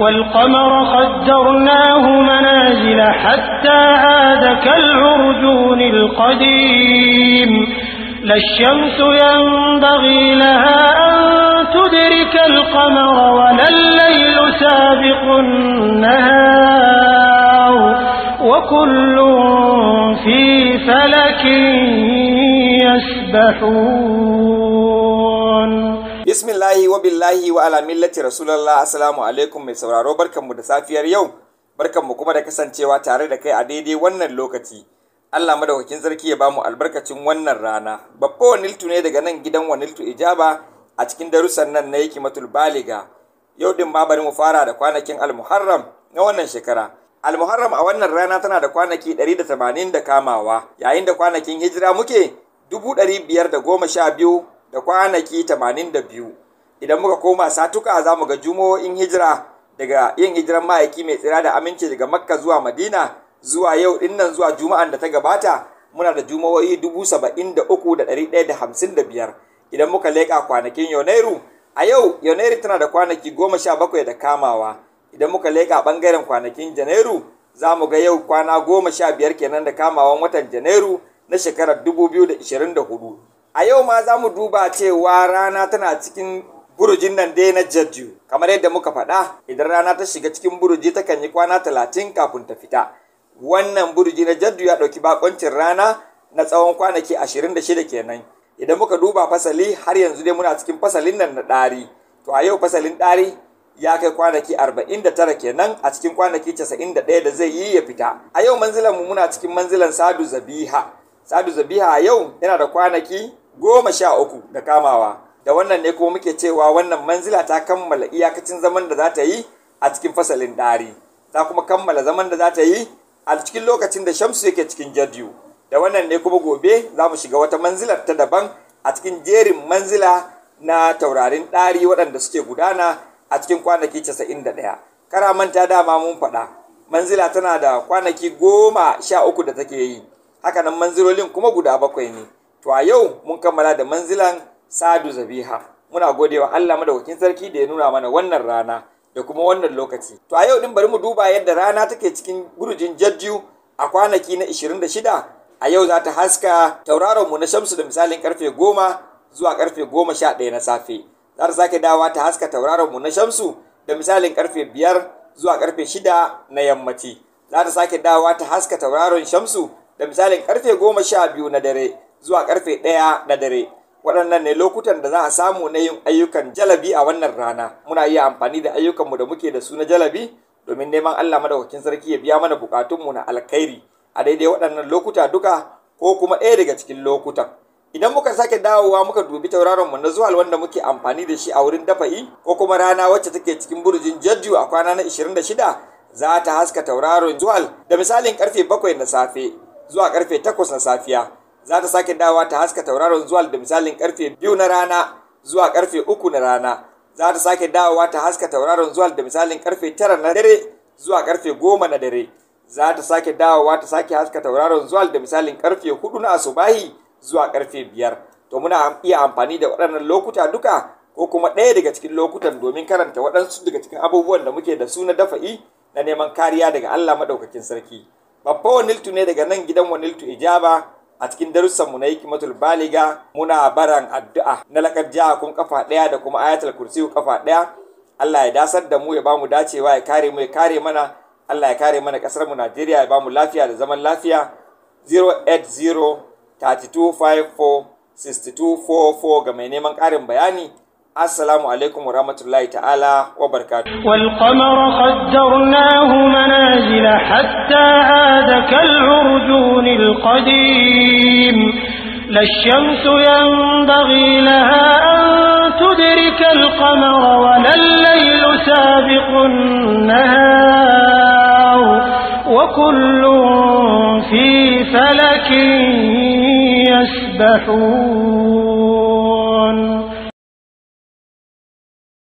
والقمر قدرناه منازل حتى عاد كالعرجون القديم لا الشمس ينبغي لها أن تدرك القمر ولا الليل سابق النهار وكل في فلك يسبحون Bismillahi wa billahi wa ala millati Rasulullah assalamu alaikum mai sauraro barkanmu da safiyar yau barkanmu kuma da kasancewa tare da kai a daidai wannan lokaci Allah madaukakin sarki ya mu albarkacin wannan rana babba waniltu ne daga nan gidan waniltu ijaba a cikin darussan nan na hikimatul baliga yau din ma bari mu fara da kwanakin almuharram na wannan shekara almuharram a wannan rana tana da kwanaki 180 da kamawa yayin da kwanakin hijira muke dubu biyar da goma sha biyu. da kwanaki 82 idan muka koma satuka za mu ga jumo'in hijira daga yin hijiran ma'aiki mai tsira da aminci daga makka zuwa madina zuwa yau dinnan zuwa juma'an da ta gabata muna da jumo'i 73,155 idan muka leƙa kwanakin yonairu a yau yonairu tana da kwanaki 17 da kamawa idan muka leƙa ɓangaren kwanakin janairu za mu ga yau kwana 15 kenan da kamawan watan janairu na shekarar 2024 a yau ma za mu duba cewa rana tana cikin burujin nan dai na jaddu kamar yadda muka faɗa idan rana ta shiga cikin buruji kan yi kwana talatin kafin ta fita wannan buruji na jaddu ya ɗauki bakoncin rana na tsawon kwanaki ashirin da shida kenan idan muka duba fasali har yanzu dai muna cikin fasalin nan na ɗari to a yau fasalin ɗari ya kai kwanaki arba'in da tara kenan a cikin kwanaki 91 da da zai yi ya fita a yau manzilan mu muna cikin manzilan sadu zabiha sadu zabiha yau yana da kwanaki goma sha uku da kamawa da wannan ne kuma muke cewa wannan manzila ta kammala iyakacin zaman da za ta yi a cikin fasalin ɗari ta kuma kammala zaman da za ta yi a cikin lokacin da shamsu yake cikin jadiyu da wannan ne kuma gobe za mu shiga wata manzilar ta daban a cikin jerin manzila na taurarin ɗari waɗanda suke gudana a cikin kwanaki casa'in da ɗaya kara manta dama mun faɗa manzila tana da kwanaki goma sha uku da take yi hakanan manzilolin kuma guda bakwai ne to a yau mun kammala da manzilan sadu zabiha muna godewa Allah madaukakin sarki da ya nuna mana wannan rana da kuma wannan lokaci to a yau din bari mu duba yadda rana take cikin gurujin jajju a kwanaki na 26 a yau za ta haska tauraron mu na shamsu da misalin karfe 10 zuwa karfe 11 na safe za ta sake dawa ta haska tauraron mu na shamsu da misalin karfe 5 zuwa karfe 6 na yammaci za ta sake dawa ta haska tauraron shamsu da misalin karfe 12 na dare zuwa karfe ɗaya na dare waɗannan ne lokutan da za a samu na yin ayyukan jalabi a wannan rana muna iya amfani da ayyukanmu da muke da su na jalabi domin neman Allah madaukakin sarki ya biya mana bukatunmu na alkhairi a daidai waɗannan lokuta duka ko kuma ɗaya daga cikin lokutan idan muka sake dawowa muka dubi tauraron mu na zuwal wanda muke amfani da shi a wurin dafa'i ko kuma rana wacce take cikin burjin jaddu a kwana na 26 za ta haska tauraron zuwal da misalin karfe bakwai na safe zuwa karfe takwas na safiya za ta sake dawa ta haska tauraron zuwa da misalin karfe biyu na rana zuwa karfe uku na rana za ta sake dawowa ta haska tauraron zuwa da misalin karfe tara na dare zuwa karfe goma na dare za ta sake dawowa ta sake haska tauraron zuwa da misalin karfe hudu na asubahi zuwa karfe biyar to muna iya amfani da waɗannan lokuta duka ko kuma ɗaya daga cikin lokutan domin karanta waɗansu daga cikin abubuwan da muke da su na dafa'i na neman kariya daga Allah maɗaukakin sarki. Babba Waniltu ne daga nan gidan Waniltu Ijaba a cikin darussanmu na hikimatul baliga muna baran addu'a na lakar jiha kun kafa ɗaya da kuma ayatul kursi kafa ɗaya Allah ya dasar da mu ya bamu dacewa ya kare mu ya kare mana Allah ya kare mana kasar mu Najeriya ya bamu lafiya da zaman lafiya 08032546244 ga mai neman ƙarin bayani Assalamu alaikum wa rahmatullahi ta'ala wa barakatuh. Wal qamara qaddarnahu manazila hatta كالعرجون القديم لا الشمس ينبغي لها أن تدرك القمر ولا الليل سابق النهار وكل في فلك يسبحون